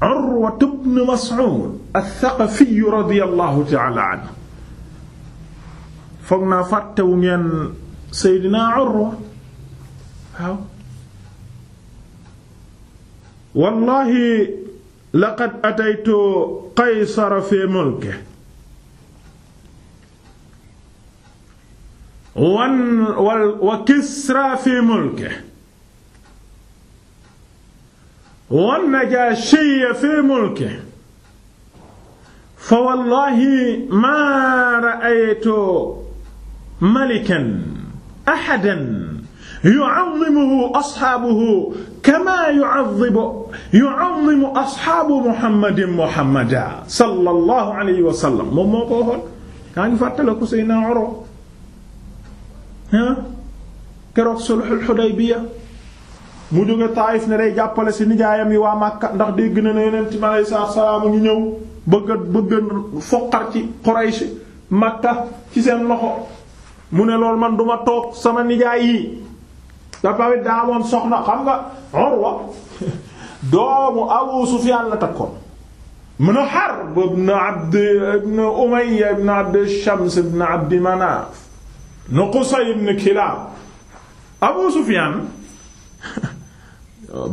Urwa ibn Mas'ud al-Thaqafi radiyallahu ta'ala anhu foog naa fàttewu ngeen Seydina Urwa waaw wallahi laqad ataytu Qaysara fi mulkihi wa Kisra fi mulkihi wan najaashiya fi mulki fa wallahi maa ra'aytu malikan ahadan yu'azzimuhu asxaabuhu kamaa yu'azzimu yu'azzimu asxaabu muhammadin muhammadan sallallahu alayhi wa sallam moom moo ko waxoon. yaa ngi fàttaliku Seydina Urwa keroog sulhul Hudaybiya mu jóge Taayif ne day jàppale ci nijaayam yi waa Makka ndax dégg na ne Yonent mi alayhi salaatu salaam ngi ñëw bëgg a bëgg a foqar ci Quraysh Makka ci seen loxo mu ne loolu man duma toog sama nijaay yi dafa daa amoon soxna xam nga Urwa doomu Abu Sufyaan la takkoon ibn Harb ibn Abd ibn Umayya ibn Abd Shams ibn Abd Manaaf ibn Qusay ibn Kilaab Abu Sufyaan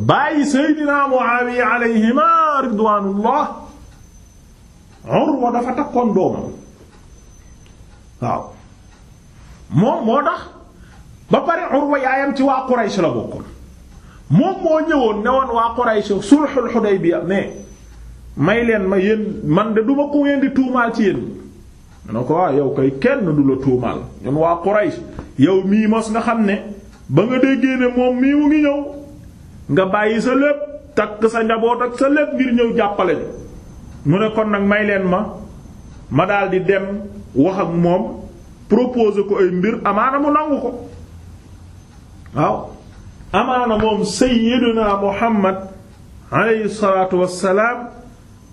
bàyyi Seydina Muawiya alayhima ridwaanullah Urwa dafa takkoon doomam waaw moom moo tax ba pare Urwa yaayam ci waa Quraysh moom moo ñëwoon ne woon waa Quraysh sulhul Hudaybiya mais may leen ma yéen man de duma ko ngeen di tuumaal ci yéen ne ko waaw ah, yow kay kenn du la tuumaal ñun waa Quraysh yow mii mos nga xam ne ba nga déggee ne moom mii mu ngi ñëw nga bàyyi sa lépp takk sa njaboot ak sa lépp ngir ñëw jàppale ñu mu ne kon nag may leen ma ma daldi dem wax ak moom proposer ko ay mbir amaana mu nangu ko waaw amaana moom sayyiduna Muhammad alayhi salaatu wassalaam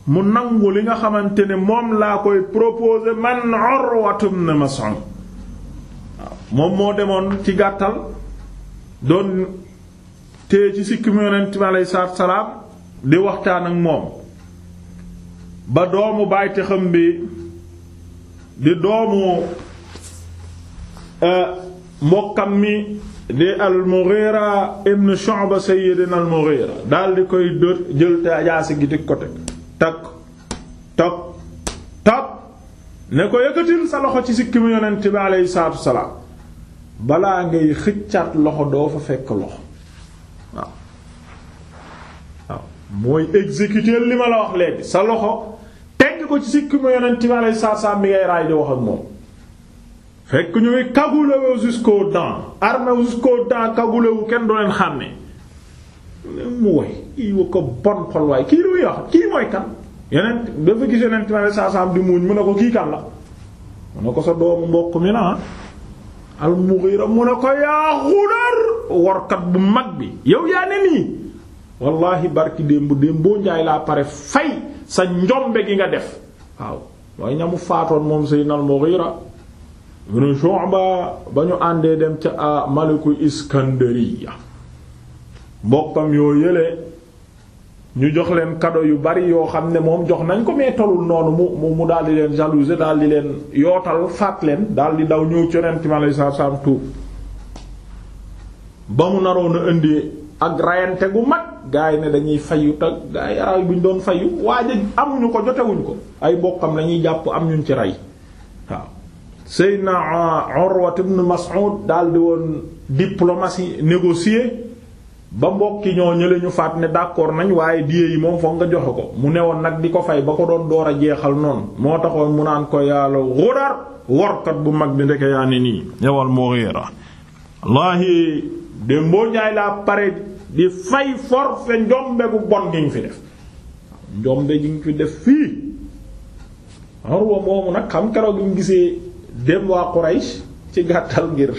mu nangu li nga xamante ne moom laa koy proposer man ma ibn Mas'ud moom moo demoon ci gàttal doon téye ci sikki mu yonent bi aleyhi salaam di waxtaan ak moom ba doomu bàyte xam bi di doomu euh, mbokkam mi di al-Mughira ibn ba sayyidina al-Mughira daal di koy dër jël te jaasi gi di ko teg takk takk takk ne ko yëkkatil sa loxo ci sikki mu yonent bi aleyhi salaam balaa ngay xëccaat loxo doo fa fekk loxo mooy exécuter li ma la wax léegi sa loxo tegg ko ci sikki ma yonent bi alayhi salaam bi ngay raay di wax ak moom fekk ñu ngi cagoulé jusqu'aux dents armé jusqu'aux dents cagoulé wu kenn du leen xàmme mu woy kii ko bon xol waay kii luy wax kii mooy kan yonent dafa gis yonent bi alayhi salaam di muuñ mu ne ko kii kan la mu ne ko sa doomu mbokk mi na al ah. Mughira mu ko yaa Xudar warkat bu mag bi yow yaa ne nii wallahi barki démb démboo njaay laa pare fay sa njombe gi nga def waaw mooy ñamu faatoon moom Seydina al-Mughira ibn Shu'ba ba ñu àndee dem ca ah, maliku Iskandariya mbokkam yoo yële ñu jox leen cadeau yu bari yoo xam ne moom jox nañ ko mais tolul noonu mu mu daal di leen jalouser daal di leen yootal faat leen daal di daw ñëw ci Yonent mi alayhi salaatu wa tuub ba mu naroon a indi ak rayante gu mag gars yi ne dañuy fayu te gars yi araw bu ñu doon fayu waaye amuñu ko jotewuñu ko ay bokkam lañuy jàpp am ñu ci rey waaw Seydina Urwa ibn Mas'ud daal di woon diplomatie négocier ba mbokki ñoo ñële ñu faat ne d'accord nañ waaye diye yi moom foog nga joxe ko mu newoon nag di ko fay ba ko doon door a jeexal noonu moo taxoon mu naan ko yàlla Ghudar workat bu mag bi ndeke yaa ne nii yawal Mughira wallahi Dembo Ndiaye laa pare di fay forfait njombe gu bon gi ñu fi def njombe gi ñu fi def fii Urwa moomu nag xam keroog bi mu gisee dem waa Quraysh ci gàttal ngir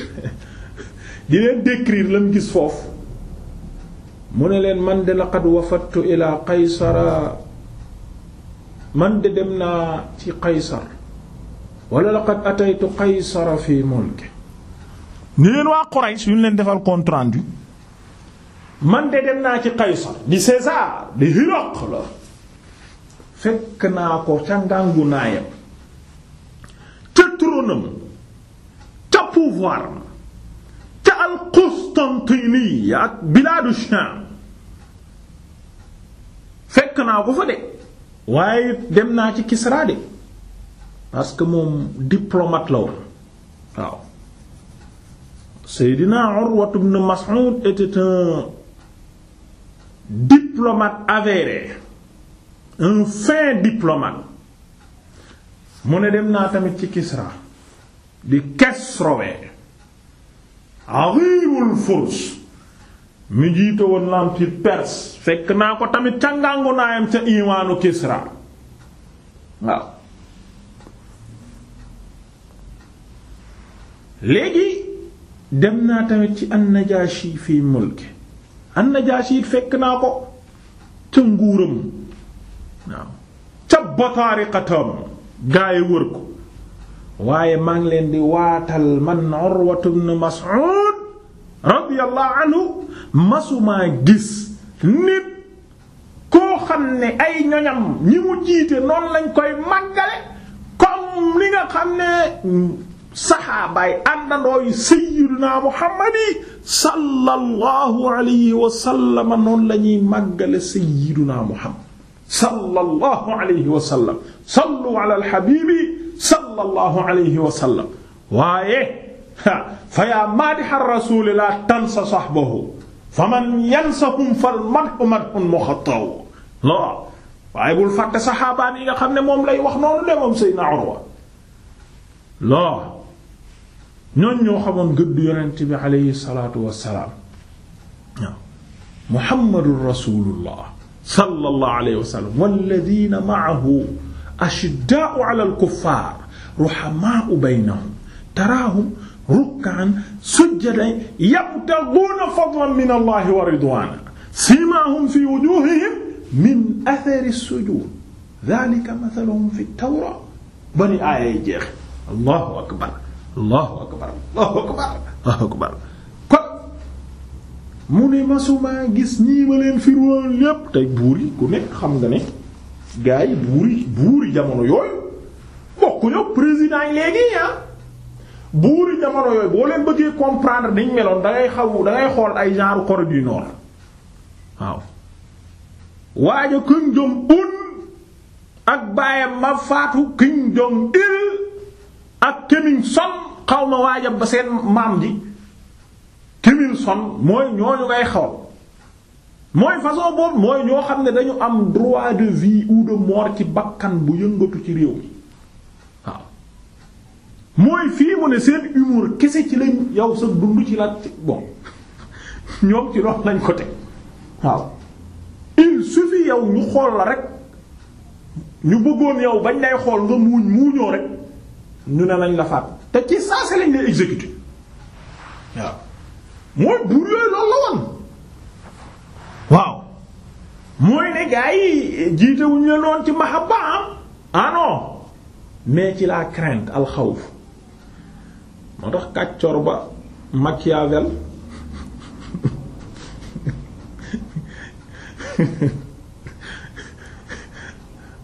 di leen décrire la gis foofu mu ne leen man de laqad wafattu ila qaysara man de dem naa ci qaysar wala laqad ataytu qaysara fi mulki ni leen waa Quraysh yu leen defal contrant rendu man de dem naa ci Qaysar di César di Hiraq la fekk naa ko ca ngàngu naayam ca tronam ca pouvoir ma ca al-Qustantini ak bilaadu Sham fekk naa ko fa de waaye dem naa ci Kisra de parce que moom diplomate la waaw Seydina Urwa ibn Mas'ud était un diplomate avéré un fin diplomate mu ne dem naa tamit ci Kisra di Kesrowe ariwul furs mi jiite woon l'empire perse fekk naa ko tamit ca ngàngu ca imaanu Kisra léegi dem naa tamit ci an-Najaashi fii mulki fekk naa ko ca nguuram waaw ca bataariqatam gaay wër ko waaye maa ngi leen di waatal man Urwatu ibn Mas'ud radiyallahu anhu masumaa gis nit koo xam ne ay ñoñam ñi mu jiite noonu lañ koy màggale comme li nga xam ne saxaabaay àndandooy sayyiduna muhammad yi sallallahu alayhi wa sallam noonu la ñuy màggale sayyiduna muhammad sallallahu alayhi wa sallam sallu ala alhabibi sallallahu alayhi wa sallam waaye fa yaa maadiha rasuli la tansa sahbahu faman yansahum fal madhu madhun muxattaw lo waaye bul fàtte saxaabaan yi nga xam ne moom lay wax noonu de moom sayyidina Urwa lo ñooñ ñoo xamoon gëdd yonent bi aleyhi salaatu wassalaam waaw muhammadu rasulullah sallallahu alayhi wa sallam walladina maahu ashiddaau ala alkuffaar ruhamaau baynahum taraahum rukkaan sujjadan yabtaguuna fadlan min allahi wa ridwaana siimaahum fi wujuuhihim min athari sujuud daalika mathaluhum fi tawraat bani aaya jeex allahu akbar allahu akbar allahu akbar allahu akbar kon mu ne masumaa gis ñii ma leen firwoon lépp tey buur yi xam nga ne gaa buur yi jamono yooyu président yi léegi ah buur yi boo leen bëggee comprendre dañ meloon da xaw da xool ay genre Corée du ak baayam ma faatu Kim Jong Il ak kemin son xaw ma waajab ba seen maam ji kemin son mooy ñooñu ngay xaw mooy façon boobu mooy ñoo xam ne dañu am droit de vie ou de ci bakkan bu yëngatu ci réew mi waaw mooy fii mu ne seen humour kese ci lañ yow sa dund ci la bon ñoom ci loolu lañ ko teg waaw il suffit yow ñu xool la rek ñu bëggoon yow bañ lay xool nga muuñ muuñoo rek ñu ne nañ la faat te ci saa si lañ lay exécuter waaw mooy buur loolu la woon waaw mooy ne gars yi jiitewuñu leen woon ci mahabba ah, ah non mais ci la crainte al moo tax kàccor ba Machiavel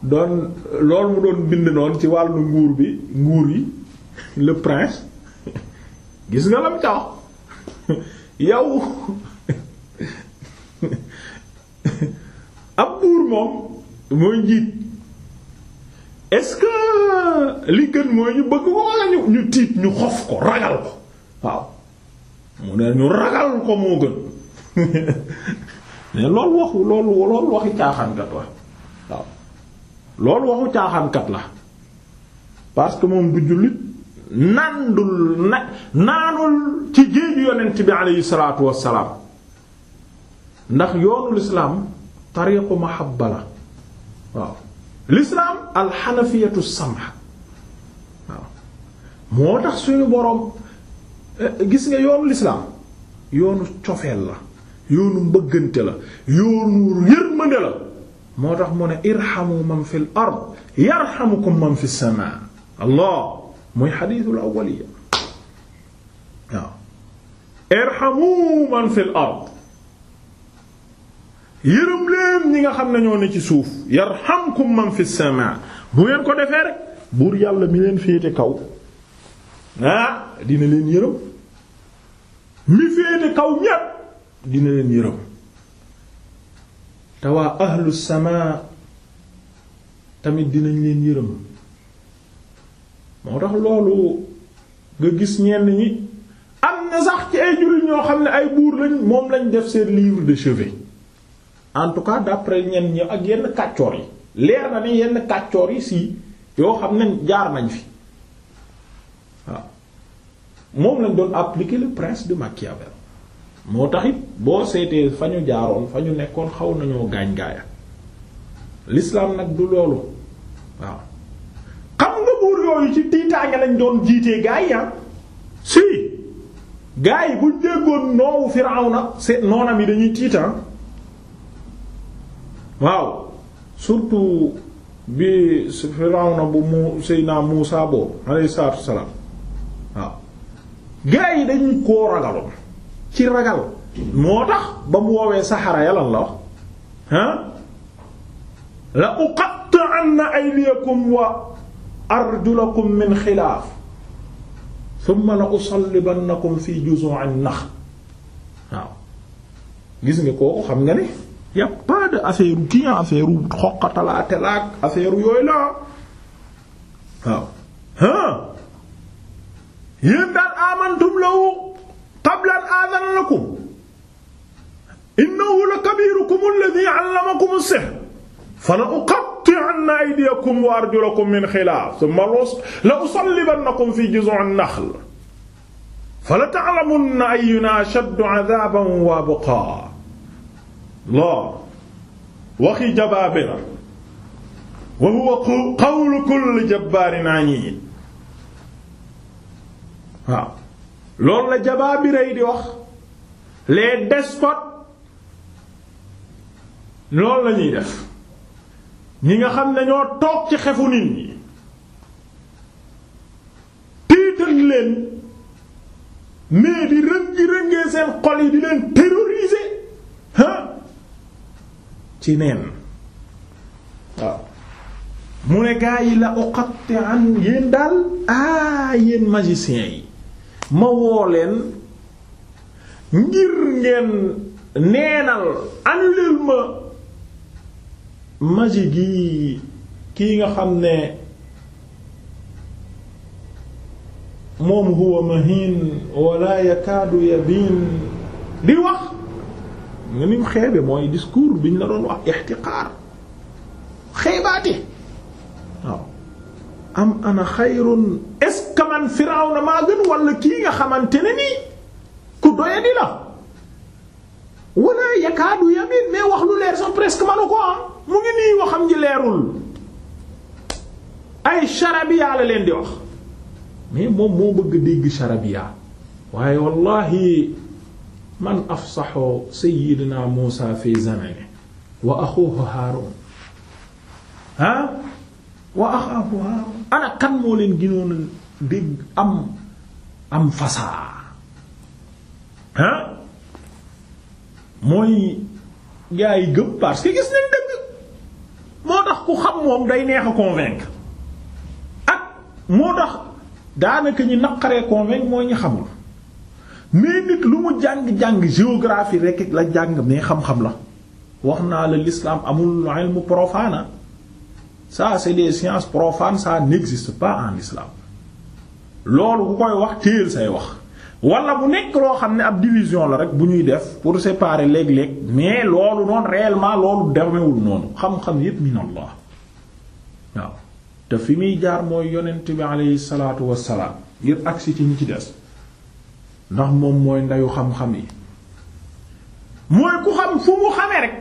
doon loolu mu doon bind noonu ci wàllu nguur bi nguur yi le prince gis nga lam ca wax ab buur moom mooy njiit est-ce que li gën mooy ñu bëgg ko wala ñu ñu tiit ñu xof ko ragal ko waaw mu ne ñu ragal ko moo gën mais loolu waxu loolu loolu waxi caaxaan kat waaw loolu waxu caaxaankat la parce que moom du jullit nandul na naanul ci géeju yonent bi aleyhi salaatu wassalaam ndax yoonu lislaam tariqu mahabba la waaw lislaam alxanafiyatu samha waaw moo tax suñu boroom eh, gis nga yoonu lislaam yoonu cofeel la yoonu mbëggante la yoonu yërmande la moo tax mu ne irhamu man fil ard yarhamukum man fis samaa allah muy xadiisul awwaliya waaw irhamu man fil ard yërëm leen ñi nga xam ne ne ci suuf yarhamkum man fis samaa bu ngeen ko defee rek buur yàlla mi leen féete kaw ah dina leen yërëm mi féete kaw ñépp dina leen yërëm te waa ahlu sama tamit dinañ leen yërëm moo tax loolu nga gis ñenn ñi am na sax ci ay jullit ñoo xam ne ay buur lañ moom lañ def seen livre de chevet en tout cas d'après ñenn ñi ak yenn kàccoor yi leer na ni yenn kàccoor yi si yoo xam ne jaar nañ fi waaw moom lañ doon appliquer le prince de Machiavel moo tax boo seetee fa ñu jaaroon fa ñu nekkoon xaw nañoo gaañ gaaya l'islam nag du loolu waaw xam nga buur yooyu ci tiitaange lañ doon jiitee gaay ya ah? si gaay yi bu déggoon noowu Firawna seet noonam yi dañuy tiitaan ah? waaw surtout bi Firawna bu mu Seydina Muusa boobu alayhi salaam waaw gaay yi dañu koo ragaloon ci ragal moo tax ba mu woowee saxara yalan la wax ah la uqatta'anna aydiyakum wa arjulakum min xilaaf thumma la usallibannakum fi juzu'in nax waaw gis nga kooku xam nga ne y a pas kii affaire xoqatalaate laak affaire yooyu la waaw ah yéen daal amantum lahu qabla an aadana lakum innahu lakabirukum alladhi 'allamakum as-sihr fala uqatti'anna aydiyakum wa arjulakum min xilaaf thumma la usallibannakum fi juzu'in naxl fala ta'lamunna ayyuna ashaddu 'adhaaban wa abqaa la waxi jabaabira wa huwa qawlu kulli jabbaarin 'aniid waaw loolu la jabaabira yi di wax les despot loolu la def ñi nga xam ne ñoo toog ci xefu nit ñi tiital leen mais di rëngi-rëngee seen xol yi di leen terroriser ah ci neen waaw mu ne gaa yi la uqatti'an yéen daal ah yéen magiciens yi ma woo leen ngir ngeen neenal annuleel ma magie gi kii nga xam ne moom huwa mahin wala yakaadu yabin di wax nga nim xeebe mooy discours biñ la doon wax ixtiqaar xeebaate am ana xayrun est man Firawna maa gën wala kii nga xamante ne nii ku doye di la wala yakaadu yamin mais wax lu leer sax presque manu ko mu ngi nii waxam ji leerul ay charabiya la leen di wax mais moom moo bëgg dégg charabiya waaye wallahi man afsaxu sayyidina Muusa fi zamani wa axuhu Haaruun ha wa axaahu Haaruun ana kan moo leen gënoon a dégg am am fasaa ah mooy gaa yi gëm parce gis nañ dëgg moo tax ku xam moom day neex a convaincre ak moo tax daanaka ñi naqaree convaincre mooy ñi xamul mais nit lu mu jàng-jàng géographie rek la jàng mais xam-xam la wax naa la l'islam amul ilmu profana ça c'est des sciences profanes ça n'existe pas en islam loolu ku koy wax téyel say wax wala bu nekk loo xam ne ab division la rek bu ñuy def pour séparer léeg-léeg mais loolu noonu réellement loolu demewul noonu xam-xam yépp min Allah waaw te fi muy jaar mooy yonent bi aleyhi salaatu wassalaam ngir agsi ci ñu ci des ndax moom mooy ndayu xam-xam yi mooy ku xam fu mu xamee rek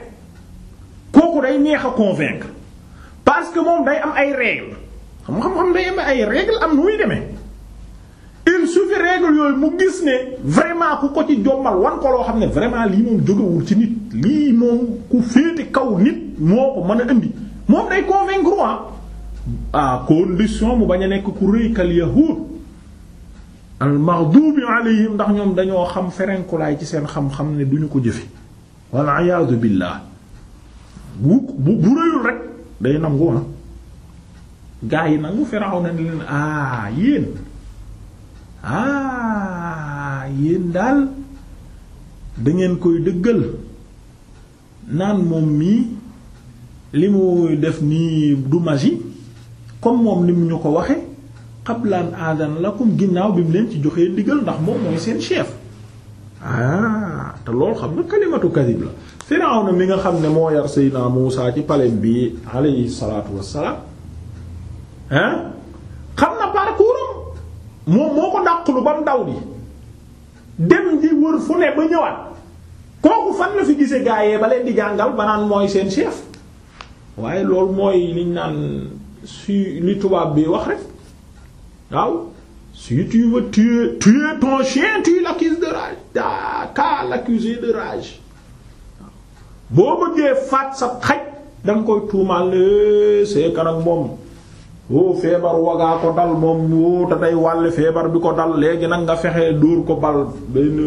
kooku day neex a convaincre parce que moom day am ay règles xam-xam day am ay règles am nu muy demee il suffit règles yooyu mu gis ne vraiment ku ko ci jommal wan ko loo xam ne vraiment lii moom jógewul ci nit lii moom ku féete kaw nit moo ko mën a indi moom day convaincre ah. à condition mu bañ a nekk ku rëy kal yahud al maghdubi alayhim ndax ñoom dañoo xam ferenkulaay ci seen xam-xam ne duñu ko jëfe wal iyaadu billah bu bu rëyul rek. day nangu ah gaa yi nangu Firawna ne leen ah yéen ah yéen daal dangeen koy dëggal naan moom mii li mu def nii du magie comme moom ni mu ñu ko waxe xablaan aadan lakum ginnaaw bi mu leen ci joxee ndigal ndax moom mooy seen chef ah te lool xam nga kalimatu kadib la Firawna mi nga xam ne moo yar Seydina Muusaa ci palais bi alayhi salaatu wassalaam hein xam na parcours moom moo ko dàqlu ba mu daw di dem di wër fu ne ba ñëwaat kooku fan la fi gise gaayee ba leen di jàngal ba naan mooy seen chef waaye loolu mooy liñ naan su li tubaab bi wax rek waaw si tu veux tuer tuer ton chien tu l'accuses de rage l'accuser de rage boo bëggee faat sa xaj danga koy tuumaal eh, seekar ak moom woo oh, feebar wagaa ko dal moom woo oh, te day wàll feebar bi ko dal léegi nag nga fexe dóor ko bal benn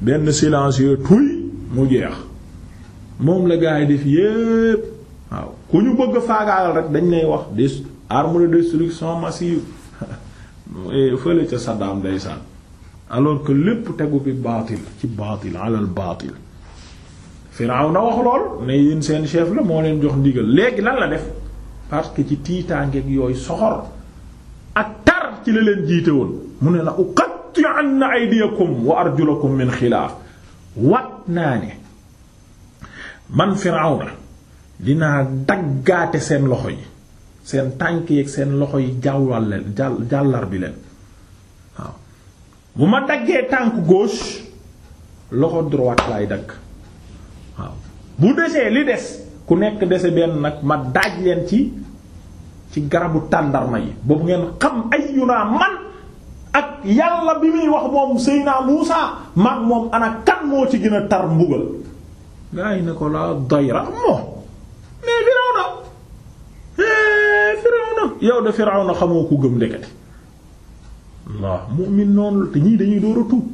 benn silencieux tuy mu jeex moom la gars yi def yépp waaw ku ñu bëgg a faagaagal rek dañ lay wax des armes de destruction massive eh, fële ca Saddam ndeysaan alors que lépp tegu bi baatil ci baatil alal baatil Firawna wax lool ne yéen seen chef la moo leen jox ndigal léegi lan la def parce que ci tiitaangeeg yooyu soxor ak tar ci la leen jiite woon mu ne la uqatti'anna aydiyakum wa arjulakum min xilaaf wat naa ne man Firawna dinaa daggaate seen loxo yi seen tànk yeeg seen loxo yi jawwal leen jàllar bi leen bu ma daggee tànk gauche loxo droite laay dagg waaw bu desee li des ku nekk dese benn nag ma daaj leen ci ci garabu tàndarma yi boobu ngeen xam ayyuna man ak yàlla bi muy wax moom Seyna Muusaa mag moom ana moo ci gën a tar mbugal gaa yi ne ko la dayra moo mais Firawna eh, Firawna yow de na xamoo ku gëm ndekete waaw mu'min noonu te ñii dañuy door a tuub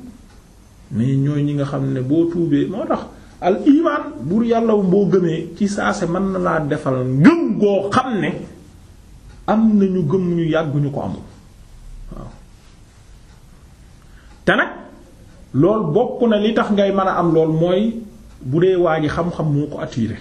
mais ñooy ñi nga xam ne boo tuubee moo tax al iman buur yàlla boo gëmee ci saase mën na laa defal ngëm goo xam ne am na ñu gëm ñu yàgg ñu ko amul waaw te nag lool bokk na li tax ngay mën a am lool mooy bu dee waa ji xam-xam moo ko attiré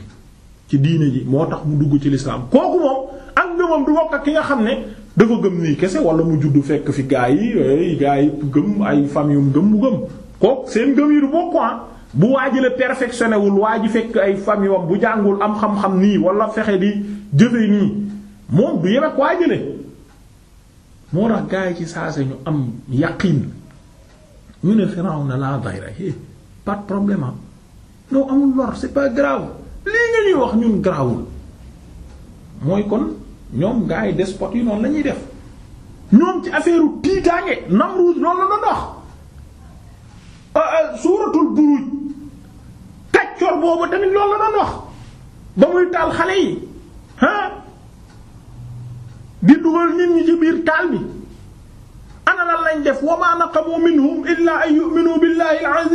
ci diine ji moo tax mu dugg ci lislaam kooku moom ak ngëmam du bokk ak ki nga xam ne dafa gëm nii kese wala mu juddu fekk fi gaa yi eh, gaa yi gëm ay famille gëm mu gëm kook seen gëm yi du bokk ah. bu waaj la wul waa ji fekk ay famille am bu jàngul am xam-xam nii wala fexe di jëfe nii moom du yem ak waa moo tax gaa yi ci saa sa ñu am yaqin ñu ne Firawna la dayra eh, pas problème am ah. non amul lor c'est pas grave lii nga ñuy wax ñun grawul mooy kon. ñoom gars yi despotes yi noonu lañuy def ñoom ci affaire tiitaange Namrud noonu la doon euh, euh, suuratul Buruj kaccoor boobu tamit loolu la doon ba muy taal xale yi di dugal nit ñi ci biir taal bi ana lañ def wa ma naqamu minhum illa an yu'minu billahi al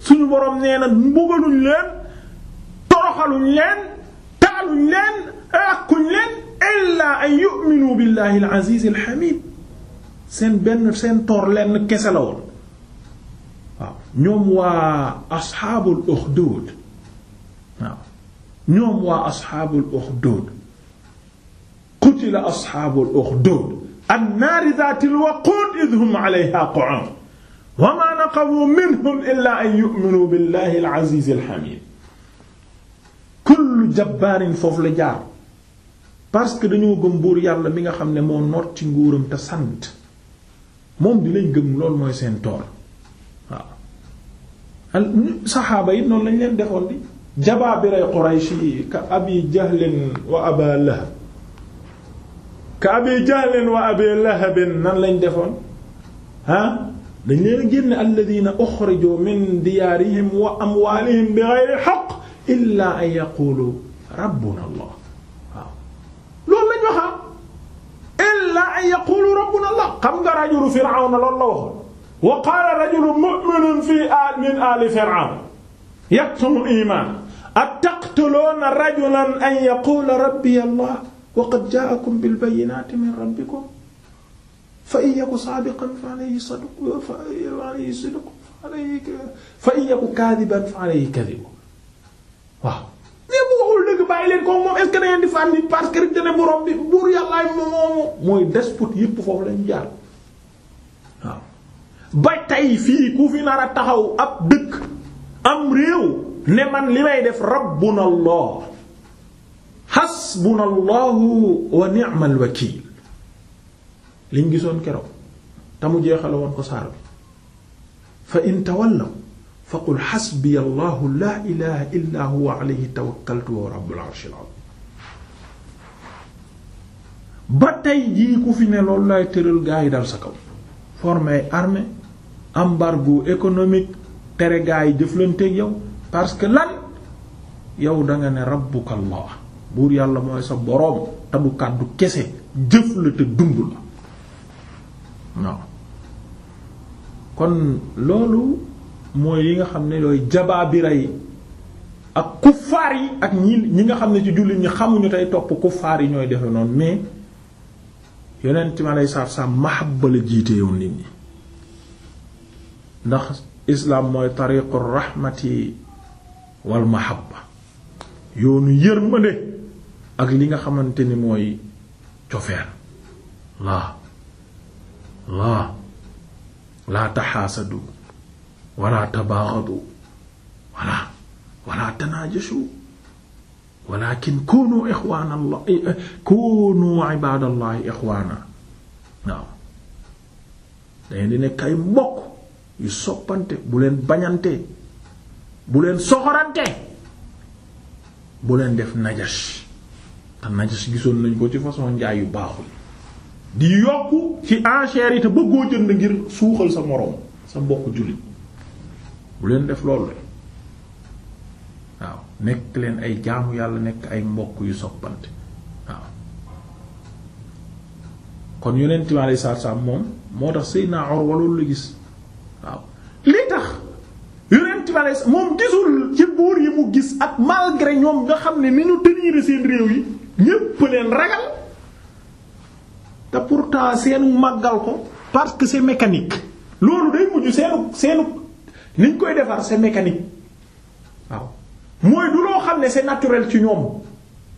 suñu borom nee na mbugaluñ leen toroxaluñ leen taaluñ leen àkkuñ leen illaa an yu'minu billahi al-aziz al-hamid seen benn seen toor lenn kese la woon waaw ñoom waa asxaabul uxduud waaw ñoom waa asxaabul uxduud qutila asxaabul uxduud annaari zaatil waquud idh hum alayhaa qu'uud wa maa naqamuu minhum illaa an yu'minuu billahi al-aziiz al-hamiid kullu jabbaarin foofu la jaar parce que dañoo gëm buur yàlla mi nga xam ne moo noot ci nguuram te sant moom dinañ gëm loolu mooy seen tool waaw saxaaba yi noonu lañ leen defoon di jabaabiray Quraysh yi ka abi jahlin wa aba lahab ka abi jahlin wa abi lahabin nan lañ defoon ah dañ leen génne alladina uxrijoo min diyaarihim wa amwaalihim bi geyri xaq illa an yaqulu rabbuna allah xam nga rajulu firawna loolu la waxoon wa qaala rajulu mu'minun fii min aali firawna yaktumu iimaanahu ataqtuluuna rajulan an yaquula rabbiya allah wa qad jaa'akum bil bayyinaati min rabbikum fa in yaku saadiqan fa alayhi sidqun fa alayhi sidqun fa in yaku kaadiban fa alayhi kaadibun waaw mais bu waxul dëgg bàyyi leen ko moom est-ce di fànni parce que rek borom bi buur yàllaay moomoo mooy despot yëpp foofu lañ jaar waaw ba tey fii ku fi nar a taxaw ab dëkk am réew ne man li may def rabbuna allah hasbuna allahu wa ni'mal wakiil liñ gisoon keroog te mu jeexale woon ko saar bi fa in tawallaw faqul xasbiya allahu laa ilaha illa huwa alayhi tawakkaltu wa rabbul arshil azim ba tey jii ku fi ne loolu lay tëral gaa yi dal sa kaw former armée embargo économique tere gaa yi jëflanteeg yow parce que lan yow da nga ne rabbuka allah buur yàlla mooy sa boroom te du kàddu kese jëf la te dund la waaw kon loolu mooy yi nga xam ne looy bi rey ak kuffaar yi ak ñi ñi nga xam ne ci jullit ñi xamuñu tey topp kuffaar yi ñooy defe noonu mais yonent mi aleyhi salaatu salaam mahabba la jiite yoon nit ñi ndax islaam mooy tariqu rahmati wal mahabba yoonu yërmande ak li nga xamante ni mooy cofeel laa laa laa taxaasadu wala tabaaghadu wala wala tanaajashu walakin kunu ixwaana allah kunu ibaadallahi ixwaana waaw dangeen di nekk ay mbokk yu soppante bu leen bañante bu leen soxorante bu leen def najas te najas gisoon nañ ko ci façon njaay yu baaxul di yokk ci enchère yi te bëggoo jënd ngir suuxal sa moroom sa mbokk jullit bu leen def loolu la waaw nekk leen ay jaamu yàlla nekk ay mbokk yu soppante waaw kon yonent mi alayhi salaatu moom moo tax Seydina Urwa loolu la gis waaw li tax yonent mi alayhi moom gisul ci buur yi mu gis ak malgré ñoom nga xam ne ni ñu tenir seen réew yi ñépp leen ragal te pourtant seenu màggal ko parce que c'est mécanique loolu day mujj seenu seenu niñ koy defar c'est mécanique waaw mooy du loo xam ne c'est naturel ci ñoom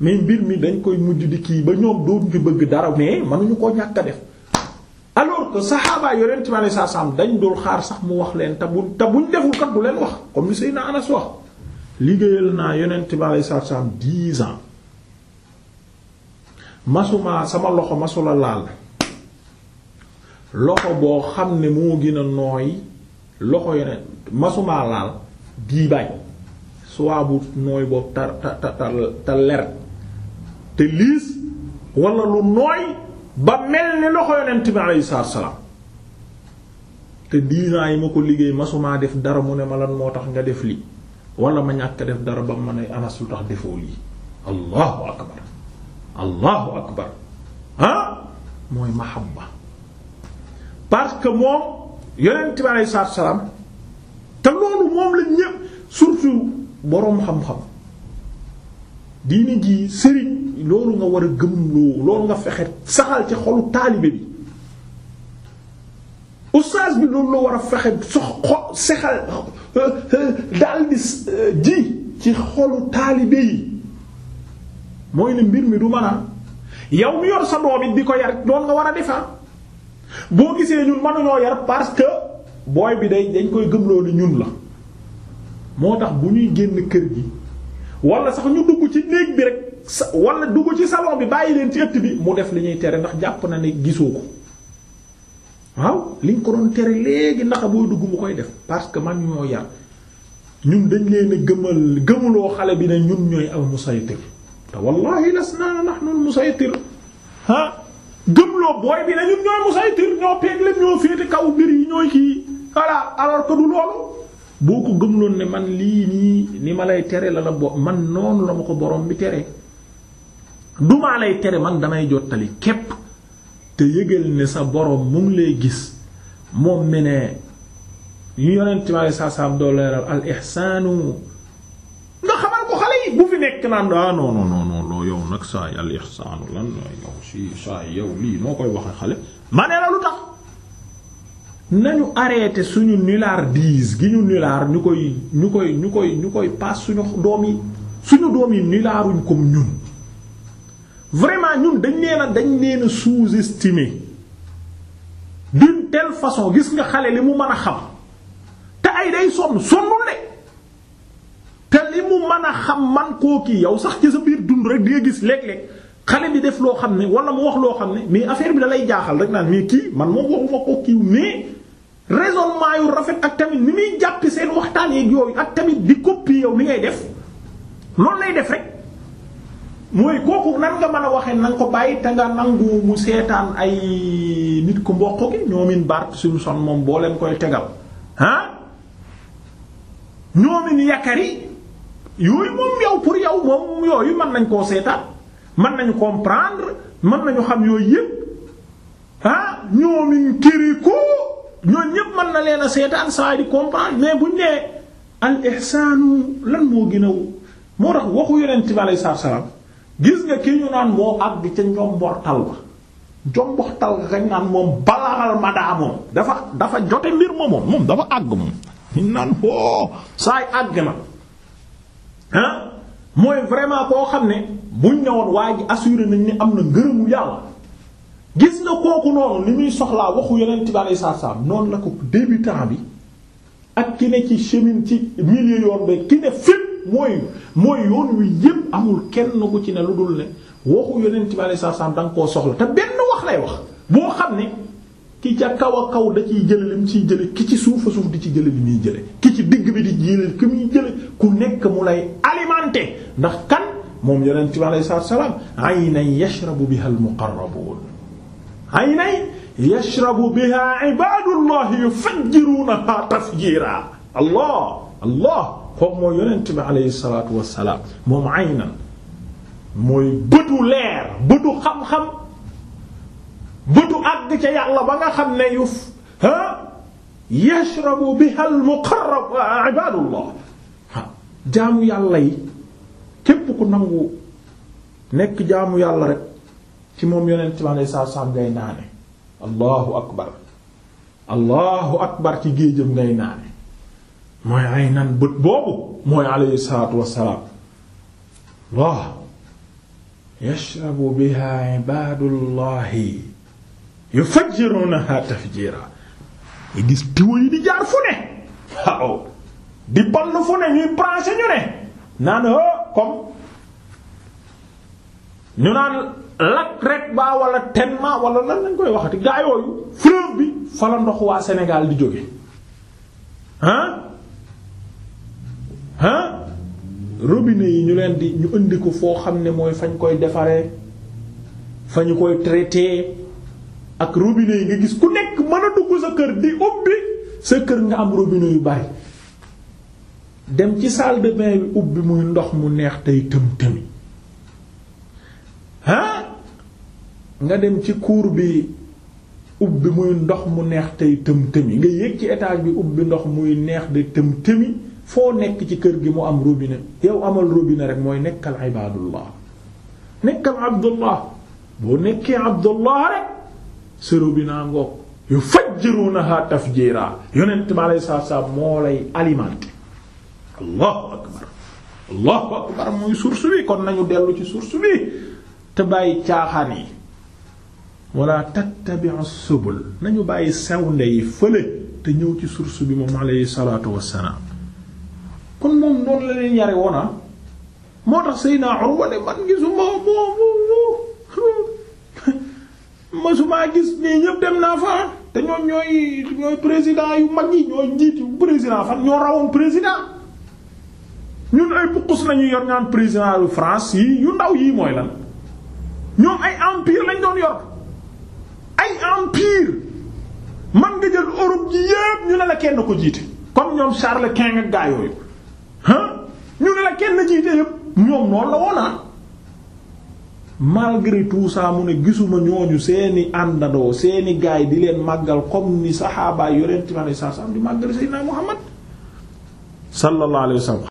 mais mbir mi dañ koy mujj di kii ba ñoom doon ci bëgg dara mais mënuñu ko ñàkk a def alors que saxaaba yonent bi alayhi salaam dañ dul xaar sax mu wax leen te bu te buñ deful kat du leen wax comme li Seydina Anas wax liggéeyal naa yonent bi alayhi salaam dix ans masuma sama loxo masula laal loxo boo xam ne moo gën a nooy loxo yeneen masumaa laal diibaay soit bu nooy boobu ta ta ta ta te liis wala lu nooy ba mel ni loxo yonent bi alayhi salaatu salaam te dix yi ma ko liggéey masumaa def dara mu ne ma lan moo tax nga def lii wala ma ñàkk def dara ba ma ne anas lu tax defoo lii allahu akbar allahu akbar ah mooy mahabba parce que moom yonent bi aleyhi salaam te loolu moom la ñépp surtout boroom xam-xam diini jii sëriñ loolu nga war a gëmloo loolu nga fexe saxal ci xolu taalibe bi ustaas bi loolu la war a fexe sox xo sexal euh, euh, daldi euh, ji ci xolu taalibe yi mooy ne mbir mi du mën a yow mu yor sa doom di ko yar doon nga war a defar ah. boo gisee ñun mënuñoo yar parce que booy bi day dañ koy gëmloo ni ñun la moo tax bu ñuy génn kër gi wala sax ñu dugg ci néeg bi rek sa wala dugg ci salon bi bàyyi leen ci ëtt bi mu def li ñuy tere ndax jàpp na ne gisoo ko waaw li ñu ko doon tere léegi naka boo dugg mu koy def parce que man ñoo yar ñun dañ leen a gëmal gëmuloo xale bi ne ñun ñooy al musaytir te wallahi lasna nahnu al musaytir ha gëmloo booy bi nañu ñooy musaytir ñoo peeg lépp ñoo féete kaw mbir yi ñooy kii voilà alors que du loolu boo ko gëmloon ne man lii nii ni ma lay tere la la bo man noonu la ma ko borom bi tere du maa lay tere man damay jottali képp te yëgal ne sa borom mu ngi lay gis moom mi ne yu yonent mi alei saa al ihsaanu nga xamal ko xale yi bu fi nekk naan ah non non non yow nag saa yi al ihsaanu lan yow si saa yi yow lii noo koy waxe xale ma ne la lu tax nañu arrêté suñu nilardise gi ñu nilaar ñu koy ñu koy ñu koy ñu koy paas suñu doom yi suñu doom yi nilaaruñ ko ñun vraiment ñun dañ leen dañ leen a sous-estimer d'une telle façon gis nga xale li mu mën a xam te ay day sonn sonnul de te li mu mën a xam man koo kii yow sax ci sa biir dund rek di nga gis léeg-léeg xale bi def loo xam ne wala mu wax loo xam ne mais affaire bi da lay jaaxal rek naan mais kii man moom waxuma ko kiiw mais raisonnement yu rafet ak tamit ni muy jàppi seen waxtaan yeeg yooyu ak tamit di copier yow ni ngay def loolu lay def rek mooy kooku nan nga mën a waxee na ko bàyyi te nga nangu mu seetaan ay nit ku mboq gi ñoomin Bart Simpson moom boo leen koy tegal ah ñoomin yooyu moom yow pour yow moom yooyu mën nañ koo seetaan mën nañu comprendre mën nañu xam yooyu yëpp ah ñoomin këri ko ñooñu ñëpp mën na leen a seetaan saa di comprendre mais buñ nee al ihsaanu lan moo gën a moo tax waxu yonent bi alayhi salaam gis nga ki ñu naan moo àgg ca njomboxtal ba njomboxtal nga kañ naan moom balaaral madaa moom dafa dafa jote mbir ma moom moom dafa àgg moom naan woo oh, saay àgg na ah mooy vraiment koo xam ne buñ ne woon waa ji assuré nañ ni am na ngërëmu yàlla gis na kooku noonu li muy soxlaa waxu yonent bi alayhi salaam noonu la ko débutant bi ak ki ne ci chemin ci milieu yoon ba ki ne fépp mooy mooy yoon wi yépp amul kenn ku ci ne lu dul ne waxu yonent bi alayhi salaam da nga koo soxla te benn wax lay wax boo xam ne. ki ca kaw a kaw da ciy jële lim ciy jële ki ci suuf suuf di ci jële li muy jële ki ci digg bi di jële ki muy jële ku nekk mu lay alimenté ndax kan moom yonent bi alayhi salaatu wa salaam aynan yashrabu biha al-muqarrabuun aynan yashrabu biha ibaadullahi yufajjiruunahaa tafjiiraa allah allah kooku mooy yonent bi alayhi salaatu wa salaam moom aynan mooy bëtu leer bëtu xam-xam bëtu àgg ca yàlla ba nga xam ne yu ah yashrabu biha yi képp ku nangu nekk jaamu yàlla rek ci moom yonent ma ne saa saam ngay naane akbar allahu akbar ci géejam ngay naane mooy ay nan bët boobu mooy alayhi salaatu wassalaam allah yashrabu biha ibadullahi yufajjirunaha tafjira yi gis tiwo yi di jaar fu ne waaw di ball fu ne ñuy branché ñu ne naan hë oh, comme ñu naan lac rek baa wala Tenma wala lan lañ koy waxati gaa yooyu bi fa la ndox waa Sénégal di jóge ah ah robinet yi ñu leen di ñu indi ko foo xam ne mooy fañ koy defaree fa ñu koy traité ak robinet yi nga gis ku nekk mën a dugg sa kër di ubbi sa kër nga am robine yu bari dem ci salle de bain bi ubbi muy ndox mu neex tey tëm tëmi ah nga dem ci cour bi ubbi muy ndox mu neex tey tëm tëmi nga yéeg ci étage bi ubbi ndox muy neex di tëm tëmi foo nekk ci kër gi mu am robine yow amal robine rek mooy nekkal ibaadullah nekkal abdullah boo nekkee abdullah rek sëro bi naa ngoog yu fajjirunaha tafjira yonent bi aleyhi salaatu moo lay alimenté allahu akbar allahu akbar muy source bi kon nañu dellu ci source bi te bàyyi caaxaan yi wala tattabi'u subul nañu bàyyi sewnde yi fële te ñëw ci source bi moom aleyhi salaatu wassalaam kon moom noonu la leen yare woona ah. moo tax Seydina Urwa de man gisuma moo moo moo masumaa gis nii ñëpp dem naa fa te ñoom ñooy ñooy président yu mag yi ñooy njiitu président fan ñoo rawoon président ñun ay buqus nañu yor ñaan président yu France yi yu ndaw yii mooy lan ñoom ay empire lañ doon yor ay empire man nga jël Europe ji yépp ñu ne la kenn ko jiite comme ñoom Charles Quint ak gaa yooyu ñu ne la kenn jiite yépp ñoom noonu la woon ah. malgré tout ça mu ne gisuma ñooñu seeni àndandoo seeni gaay di leen màggal comme ni saxaabaay yonent bi sallallahu alayhi wasallam di màggal Muhammad sallallahu alayhi wasallam